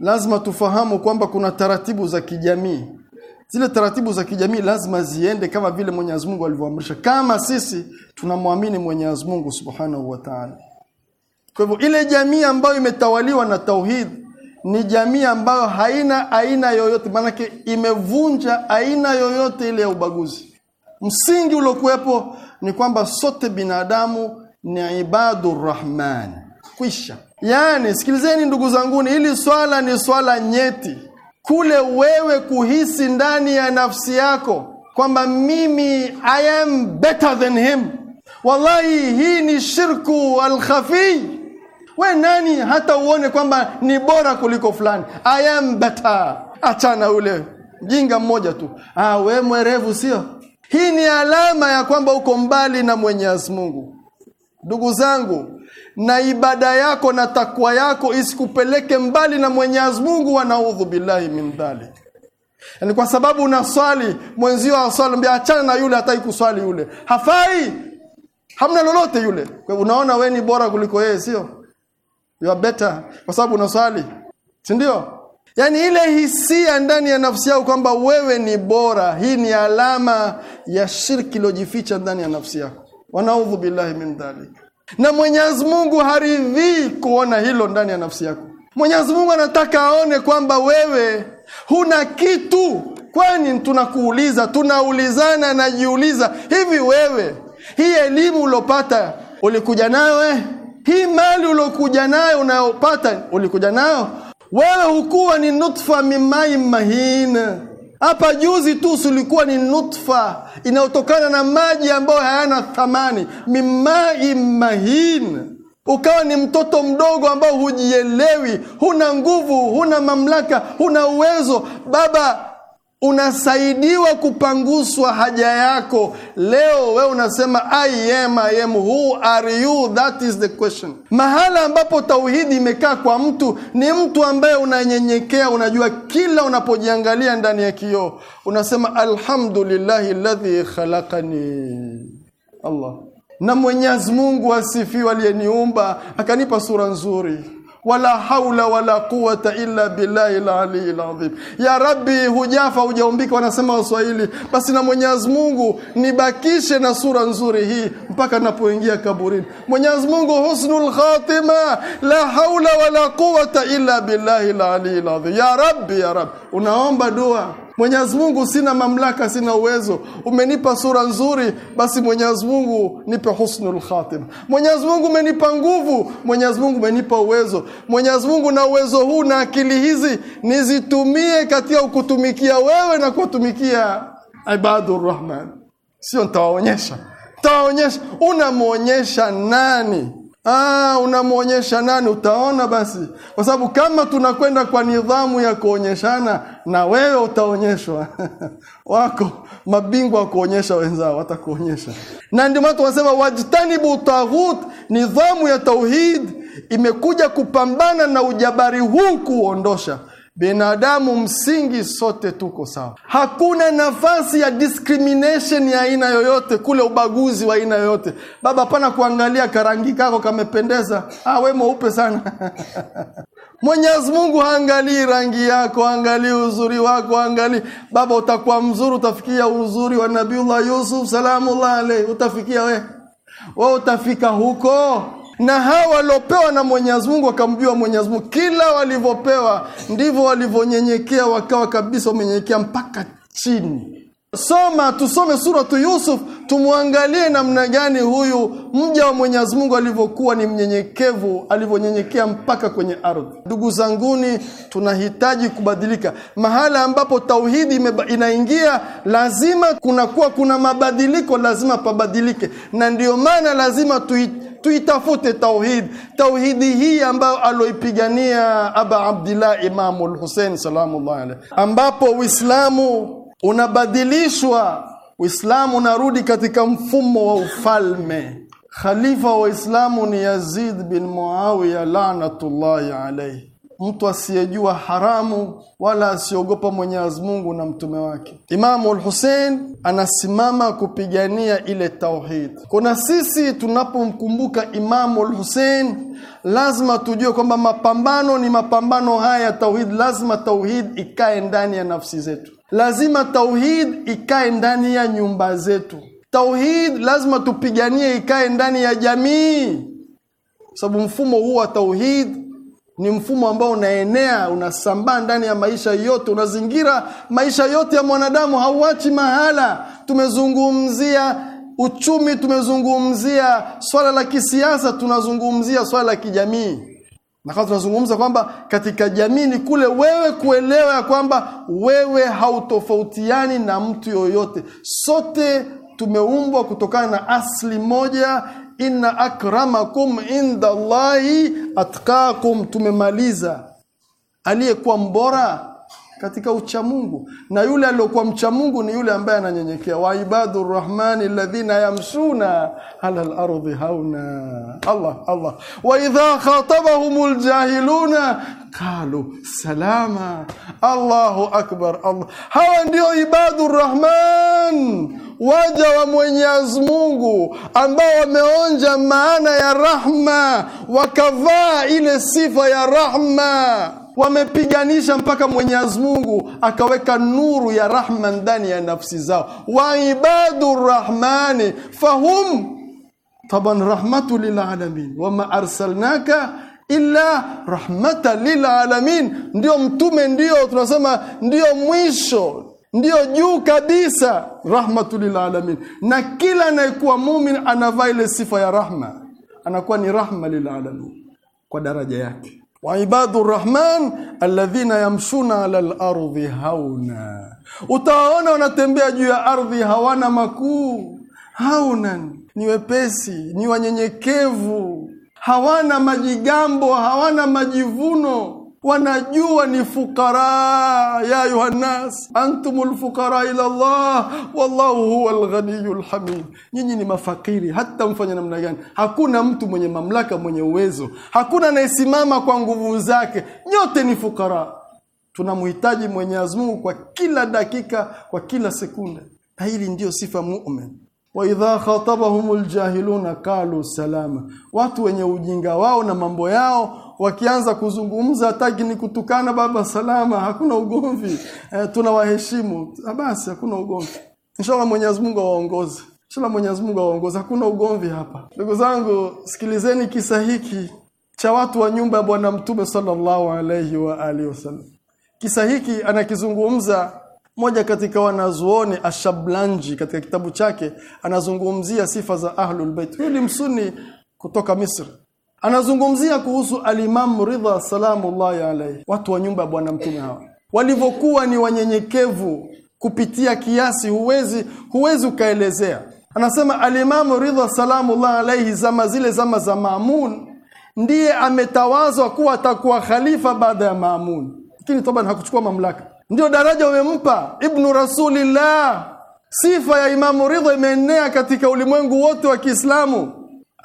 Lazima tufahamu kwamba kuna taratibu za kijamii zile taratibu za kijamii lazima ziende kama vile Mwenyezi Mungu alivyoamrisha, kama sisi tunamwamini Mwenyezi Mungu Subhanahu wa Ta'ala. Kwa hivyo ile jamii ambayo imetawaliwa na tauhid ni jamii ambayo haina aina yoyote, maanake imevunja aina yoyote ile ya ubaguzi. Msingi uliokuwepo ni kwamba sote binadamu ni ibadu rahman. Kwisha. yani sikilizeni ndugu zanguni, hili swala ni swala nyeti kule wewe kuhisi ndani ya nafsi yako kwamba mimi I am better than him. Wallahi, hii ni shirku alkhafi. We nani hata uone kwamba ni bora kuliko fulani, I am better. Achana ule mjinga mmoja tu, ah, we mwerevu, sio? Hii ni alama ya kwamba uko mbali na Mwenyezi Mungu, ndugu zangu na ibada yako na takwa yako isikupeleke mbali na Mwenyezi Mungu, wa naudhu billahi min dhalik. Yani kwa sababu unaswali mwenzio aswali, mbia achana na yule, hataki kuswali yule, hafai, hamna lolote yule. Kwa unaona wewe ni bora kuliko yeye, sio? You are better kwa sababu unaswali, si ndio? Yaani ile hisia ndani ya nafsi yako kwamba wewe ni bora, hii ni alama ya shirki iliyojificha ndani ya nafsi yako. Wanaudhu billahi min dhalik na Mwenyezi Mungu haridhii kuona hilo ndani ya nafsi yako. Mwenyezi Mungu anataka aone kwamba wewe huna kitu. Kwani tunakuuliza, tunaulizana, najiuliza, hivi wewe hii elimu uliopata ulikuja nayo eh? Hii mali uliokuja nayo unayopata ulikuja nayo wewe? Hukuwa ni nutfa mimai mahin hapa juzi tu sulikuwa ni nutfa inayotokana na maji ambayo hayana thamani, mimai mahin ukawa ni mtoto mdogo ambao hujielewi, huna nguvu, huna mamlaka, huna uwezo. Baba unasaidiwa kupanguswa haja yako leo. We unasema I am, I am. Who are you? That is the question. Mahala ambapo tauhidi imekaa kwa mtu ni mtu ambaye unanyenyekea, unajua kila unapojiangalia ndani ya kioo unasema alhamdulillahi ladhi khalaqani Allah, na Mwenyezi Mungu asifiwe aliyeniumba akanipa sura nzuri wala haula wala quwata illa billahi aliyil ladhim ya rabbi hujafa hujaumbika wanasema waswahili basi na Mwenyezi Mungu nibakishe na sura nzuri hii mpaka napoingia kaburini Mwenyezi Mungu husnul khatima la haula wala quwata illa billahi aliyil ladhim ya rabbi ya rabbi unaomba dua Mwenyezi Mungu sina mamlaka, sina uwezo. Umenipa sura nzuri, basi Mwenyezi Mungu nipe husnulkhatima khatima. Mwenyezi Mungu umenipa nguvu, Mwenyezi Mungu umenipa uwezo. Mwenyezi Mungu, na uwezo huu na akili hizi nizitumie katika ukutumikia wewe na kuwatumikia ibadur rahman. Sio ntawaonyesha tawaonyesha Unamwonyesha nani? Ah, unamwonyesha nani? Utaona basi, kwa sababu kama tunakwenda kwa nidhamu ya kuonyeshana, na wewe utaonyeshwa wako mabingwa wa kuonyesha wenzao watakuonyesha, na ndio maana tunasema wajtanibu taghut. Nidhamu ya tauhid imekuja kupambana na ujabari huu kuondosha Binadamu msingi sote tuko sawa. Hakuna nafasi ya discrimination ya aina yoyote kule, ubaguzi wa aina yoyote. Baba, hapana kuangalia karangi kako kamependeza, ah, we mweupe sana Mwenyezi Mungu haangalii rangi yako, angalii uzuri wako, angalii baba. Utakuwa mzuri, utafikia uzuri wa Nabiullah Yusuf salamullah alehi, utafikia we, we utafika huko na hawa waliopewa na Mwenyezi Mungu wakamjua Mwenyezi Mungu. Kila walivyopewa ndivyo walivyonyenyekea, wakawa kabisa wamenyenyekea mpaka chini. Soma, tusome suratu Yusuf, tumwangalie namna gani huyu mja wa Mwenyezi Mungu alivyokuwa ni mnyenyekevu, alivyonyenyekea mpaka kwenye ardhi. Ndugu zanguni, tunahitaji kubadilika. Mahala ambapo tauhidi inaingia, lazima kunakuwa kuna mabadiliko, lazima pabadilike, na ndiyo maana lazima tui tuitafute tauhid tauhidi hii ambayo aloipigania aba abdillah imamu lhusein salamullah alayhi ambapo uislamu unabadilishwa uislamu unarudi katika mfumo wa ufalme khalifa wa islamu ni yazid bin muawiya lanatullahi alaihi mtu asiyejua haramu wala asiogopa Mwenyezi Mungu na mtume wake. Imamu al-Hussein anasimama kupigania ile tauhid. Kuna sisi tunapomkumbuka Imamu al-Hussein lazima tujue kwamba mapambano ni mapambano haya ya tauhid. Lazima tauhid ikae ndani ya nafsi zetu, lazima tauhid ikae ndani ya nyumba zetu. Tauhid lazima tupiganie ikae ndani ya jamii, sababu mfumo huu wa tauhid ni mfumo ambao unaenea unasambaa ndani ya maisha yote unazingira maisha yote ya mwanadamu hauachi mahala tumezungumzia uchumi tumezungumzia swala la kisiasa tunazungumzia swala la kijamii na kama tunazungumza kwamba katika jamii ni kule wewe kuelewa ya kwamba wewe hautofautiani na mtu yoyote sote tumeumbwa kutokana na asli moja inna akramakum inda Allahi atqakum. Tumemaliza. Aliyekuwa mbora katika uchamungu na yule aliyokuwa mcha Mungu ni yule ambaye ananyenyekea wa ibadu rahmani alladhina yamshuna ala lardhi hauna Allah Allah wa idha khatabahumul ljahiluna qalu salama Allahu akbar Allah hawa ndio ibadu rahman waja wa Mwenyezi Mungu ambao wameonja maana ya rahma wakavaa ile sifa ya rahma wamepiganisha mpaka Mwenyezi Mungu akaweka nuru ya rahma ndani ya nafsi zao. wa ibadu rahmani fahum taban rahmatu lilalamin wama arsalnaka illa rahmata lilalamin. Ndio mtume, ndio tunasema ndio mwisho ndio juu kabisa, rahmatu lilalamin. Na kila anayekuwa mumin anavaa ile sifa ya rahma, anakuwa ni rahma lilalamin kwa daraja yake wa ibadu rahman alladhina yamshuna ala lardhi hauna, utawaona wanatembea juu ya ardhi hawana makuu. Haunan ni wepesi, ni wanyenyekevu, hawana majigambo, hawana majivuno wanajua ni fukara ya ayuhannas antum fuqara ila llah wallahu huwa lghaniyu lhamid, nyinyi ni mafakiri hata mfanye namna gani hakuna mtu mwenye mamlaka mwenye uwezo hakuna anayesimama kwa nguvu zake nyote ni fukara tunamhitaji Mwenyezi Mungu kwa kila dakika kwa kila sekunde na hili ndiyo sifa mu'min wa idha khatabahumul jahiluna salama watu wenye ujinga wao na mambo yao wakianza kuzungumza taki ni kutukana baba salama hakuna ugomvi tuna eh, tunawaheshimu ah, basi hakuna ugomvi inshallah Mwenyezi Mungu awaongoze inshallah Mwenyezi Mungu awaongoze hakuna ugomvi hapa ndugu zangu sikilizeni kisa hiki cha watu wa nyumba ya bwana mtume sallallahu alayhi wa alihi wasallam kisa hiki anakizungumza moja katika wanazuoni Ashablanji katika kitabu chake anazungumzia sifa za Ahlul Bait. Huyu ni msuni kutoka Misri anazungumzia kuhusu alimamu Ridha salamullahi alayhi watu wa nyumba ya bwana mtume hawa walivyokuwa ni wanyenyekevu kupitia kiasi huwezi huwezi ukaelezea anasema alimamu Ridha salamullah alaihi, zama zile zama za Maamun ndiye ametawazwa kuwa atakuwa khalifa baada ya Maamun lakini toba hakuchukua mamlaka ndio daraja wamempa ibnu rasulillah sifa ya imamu Ridha imeenea katika ulimwengu wote wa Kiislamu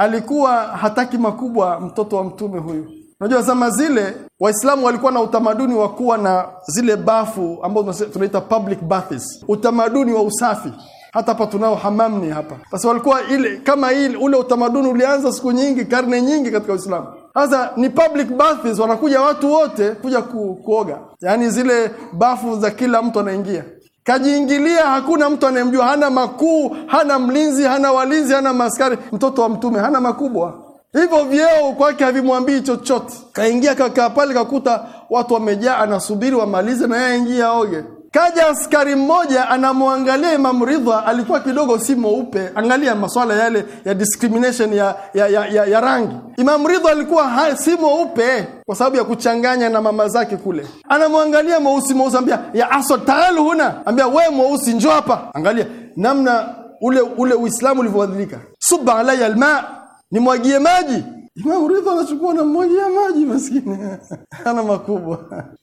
alikuwa hataki makubwa mtoto wa mtume huyu. Unajua zama zile Waislamu walikuwa na utamaduni wa kuwa na zile bafu ambazo tunaita public baths, utamaduni wa usafi. Hata hapa tunao hamamni hapa. basi walikuwa ile kama ile ule utamaduni ulianza siku nyingi, karne nyingi katika Uislamu. Sasa ni public baths, wanakuja watu wote kuja ku, kuoga, yaani zile bafu za kila mtu anaingia kajiingilia, hakuna mtu anayemjua, hana makuu, hana mlinzi, hana walinzi, hana maskari, mtoto wa mtume hana makubwa. Hivyo vyeo kwake havimwambii chochote. Kaingia kakaa pale, kakuta watu wamejaa, anasubiri wamalize na yeye aingie aoge. Kaja askari mmoja anamwangalia Imam Ridha, alikuwa kidogo si mweupe. Angalia maswala yale ya discrimination ya, ya, ya, ya, ya rangi. Imam Ridha alikuwa si mweupe kwa sababu ya kuchanganya na mama zake kule. Anamwangalia mweusi mweusi, ambia ya asad taalu huna, ambia wewe mweusi njoo hapa. Angalia namna ule ule Uislamu ulivyobadilika. Suba alaya alma, nimwagie maji Imam Ridha anachukua na mmwagia maji, maskini ana makubwa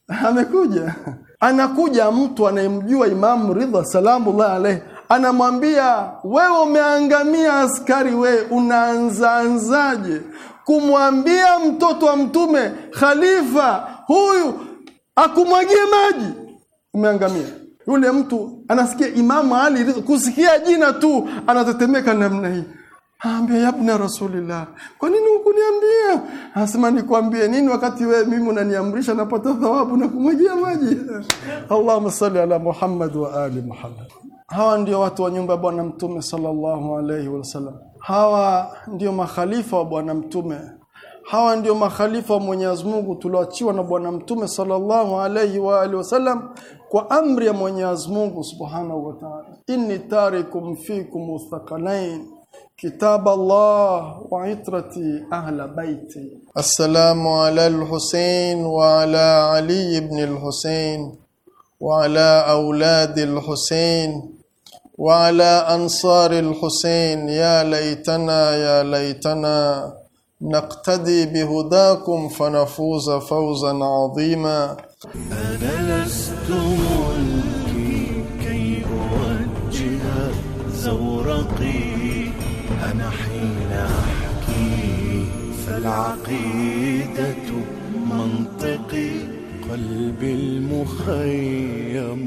amekuja anakuja mtu anayemjua Imamu Ridha salamullahi alayhi, anamwambia wewe, umeangamia askari, wewe unaanzaanzaje kumwambia mtoto wa Mtume khalifa huyu akumwagie maji? Umeangamia. Yule mtu anasikia Imamu Ali kusikia jina tu anatetemeka namna hii. Ambia yabna rasulillah. Kwa nini hukuniambia? Asema nikwambie nini wakati we mimi unaniamrisha napata thawabu na kumwagia maji. Allahumma salli ala Muhammad wa ali Muhammad. Hawa ndio watu wa nyumba ya Bwana Mtume sallallahu alaihi wasallam. Hawa ndio makhalifa wa Bwana Mtume. Hawa ndio makhalifa wa Mwenyezi Mungu tulioachiwa na Bwana Mtume sallallahu alayhi wa alihi wasallam kwa amri ya Mwenyezi Mungu Subhanahu wa Ta'ala. Inni tarikum fikum uthaqalain كتاب الله وعطرتي أهل بيتي السلام على الحسين وعلى علي بن الحسين وعلى أولاد الحسين وعلى أنصار الحسين يا ليتنا يا ليتنا نقتدي بهداكم فنفوز فوزا عظيما أنا لست ملكي كي أوجه زورقي العقيدة منطقي قلبي المخيم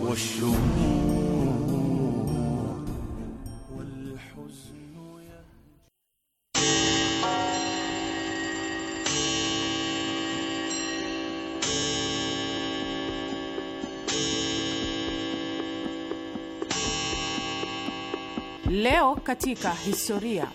والشموع والحزن Leo katika historia.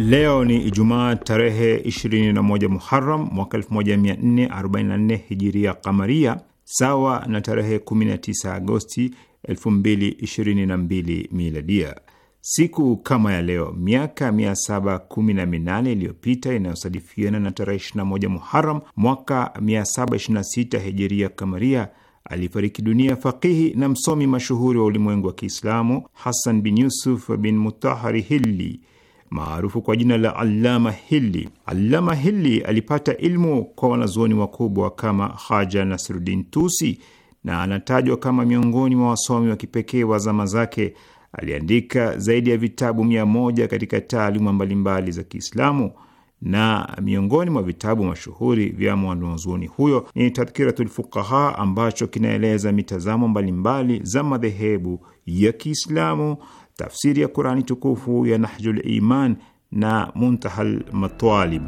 Leo ni Ijumaa tarehe 21 muharam mwaka 1444 hijiria kamaria, sawa na tarehe 19 Agosti 2022 miladia. Siku kama ya leo miaka 718 iliyopita inayosadifiana na tarehe 21 muharam mwaka 726 hijiria kamaria alifariki dunia faqihi na msomi mashuhuri wa ulimwengu wa Kiislamu Hassan bin Yusuf bin Mutahari Hilli maarufu kwa jina la Allama Hilli. Allama Hilli alipata ilmu kwa wanazuoni wakubwa kama Haja Nasruddin Tusi na anatajwa kama miongoni mwa wasomi wa kipekee wa zama zake. Aliandika zaidi ya vitabu mia moja katika taaluma mbalimbali za Kiislamu na miongoni mwa vitabu mashuhuri vya mwanazuoni huyo ni Tadhkiratul Fuqaha ambacho kinaeleza mitazamo mbalimbali za madhehebu ya Kiislamu tafsiri ya Qurani tukufu ya Nahjul Iman na Muntahal matwalib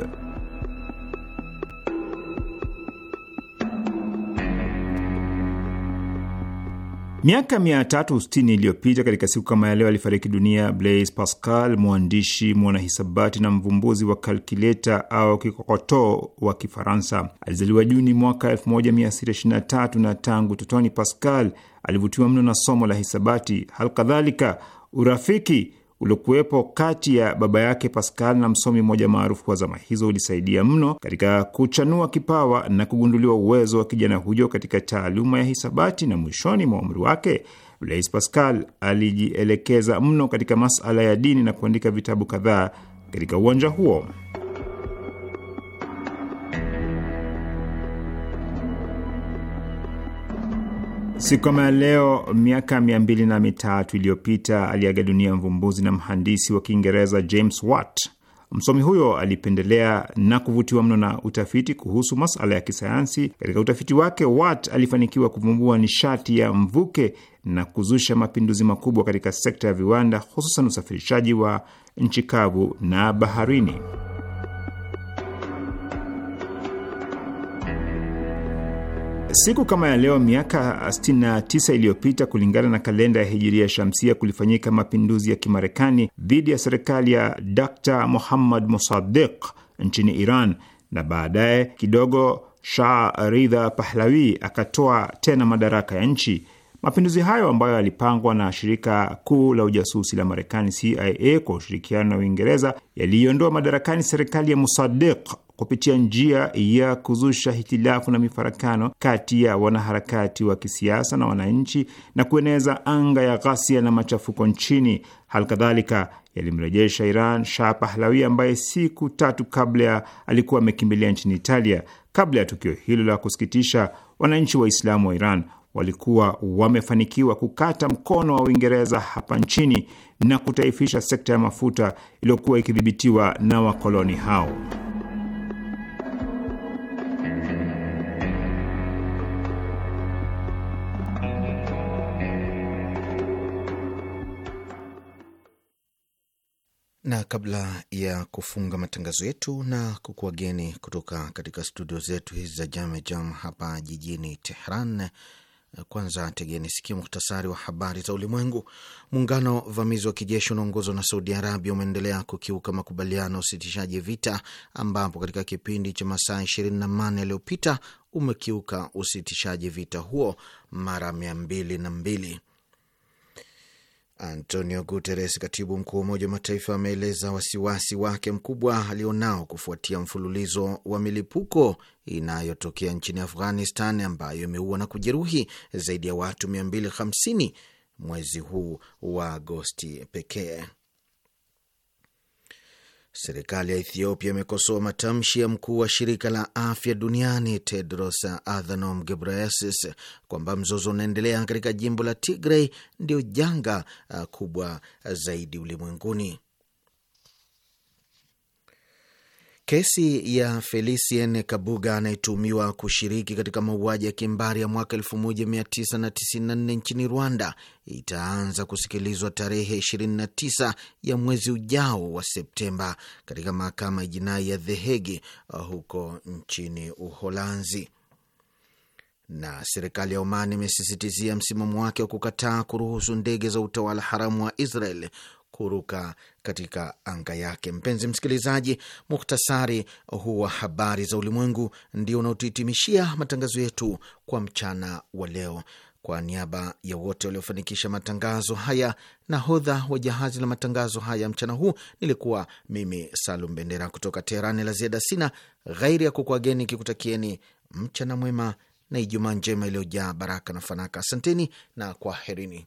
Miaka 360 iliyopita katika siku kama ya leo alifariki dunia Blaise Pascal, mwandishi, mwanahisabati na mvumbuzi wa kalkileta au kikokotoo wa Kifaransa. Alizaliwa Juni mwaka 1623 na tangu totoni Pascal alivutiwa mno na somo la hisabati. Hal kadhalika Urafiki uliokuwepo kati ya baba yake Pascal na msomi mmoja maarufu wa zama hizo ulisaidia mno katika kuchanua kipawa na kugunduliwa uwezo wa kijana huyo katika taaluma ya hisabati, na mwishoni mwa umri wake Blaise Pascal alijielekeza mno katika masala ya dini na kuandika vitabu kadhaa katika uwanja huo. siku kama leo miaka mia mbili na mitatu iliyopita aliaga dunia mvumbuzi na mhandisi wa Kiingereza James Watt. Msomi huyo alipendelea na kuvutiwa mno na utafiti kuhusu masuala ya kisayansi. Katika utafiti wake, Watt alifanikiwa kuvumbua nishati ya mvuke na kuzusha mapinduzi makubwa katika sekta ya viwanda, hususan usafirishaji wa nchi kavu na baharini. Siku kama ya leo miaka 69 iliyopita kulingana na kalenda ya hijiria shamsia kulifanyika mapinduzi ya kimarekani dhidi ya serikali ya Dr Muhammad Musaddiq nchini Iran, na baadaye kidogo Shah Ridha Pahlavi akatoa tena madaraka ya nchi. Mapinduzi hayo ambayo yalipangwa na shirika kuu la ujasusi la Marekani CIA kwa ushirikiano na Uingereza yaliiondoa madarakani serikali ya musadiq kupitia njia ya kuzusha hitilafu na mifarakano kati ya wanaharakati wa kisiasa na wananchi na kueneza anga ya ghasia na machafuko nchini. kadhalika yalimrejesha Iran Shah Pahlawi ambaye siku tatu kabla alikuwa amekimbilia nchini Italia. Kabla ya tukio hilo la kusikitisha, wananchi Waislamu wa Iran walikuwa wamefanikiwa kukata mkono wa Uingereza hapa nchini na kutaifisha sekta ya mafuta iliyokuwa ikidhibitiwa na wakoloni hao. na kabla ya kufunga matangazo yetu na kukuwageni kutoka katika studio zetu hizi za Jame Jam hapa jijini Tehran, kwanza tegeni sikia muhtasari wa habari za ulimwengu. Muungano vamizi wa kijeshi unaongozwa na Saudi Arabia umeendelea kukiuka makubaliano ya usitishaji vita, ambapo katika kipindi cha masaa ishirini na nane yaliyopita umekiuka usitishaji vita huo mara mia mbili na mbili. Antonio Guterres, katibu mkuu wa Umoja wa Mataifa, ameeleza wasiwasi wake mkubwa alionao kufuatia mfululizo wa milipuko inayotokea nchini Afghanistan ambayo imeua na kujeruhi zaidi ya watu 250 mwezi huu wa Agosti pekee. Serikali ya Ethiopia imekosoa matamshi ya mkuu wa shirika la afya duniani Tedros Adhanom Ghebreyesus kwamba mzozo unaendelea katika jimbo la Tigray ndio janga ah, kubwa zaidi ulimwenguni. Kesi ya Felicien Kabuga anayetumiwa kushiriki katika mauaji ya kimbari ya mwaka 1994 nchini Rwanda itaanza kusikilizwa tarehe 29 ya mwezi ujao wa Septemba katika mahakama ya jinai ya The Hague uh, huko nchini Uholanzi. Na serikali ya Oman imesisitizia msimamo wake wa kukataa kuruhusu ndege za utawala haramu wa Israel kuruka katika anga yake. Mpenzi msikilizaji, muktasari huu wa habari za ulimwengu ndio unaotuhitimishia matangazo yetu kwa mchana wa leo. Kwa niaba ya wote waliofanikisha matangazo haya, nahodha wa jahazi la matangazo haya mchana huu nilikuwa mimi Salum Bendera kutoka Teherani. La ziada sina ghairi ya kukuageni kikutakieni mchana mwema na Ijumaa njema iliyojaa baraka na fanaka. Asanteni na kwaherini.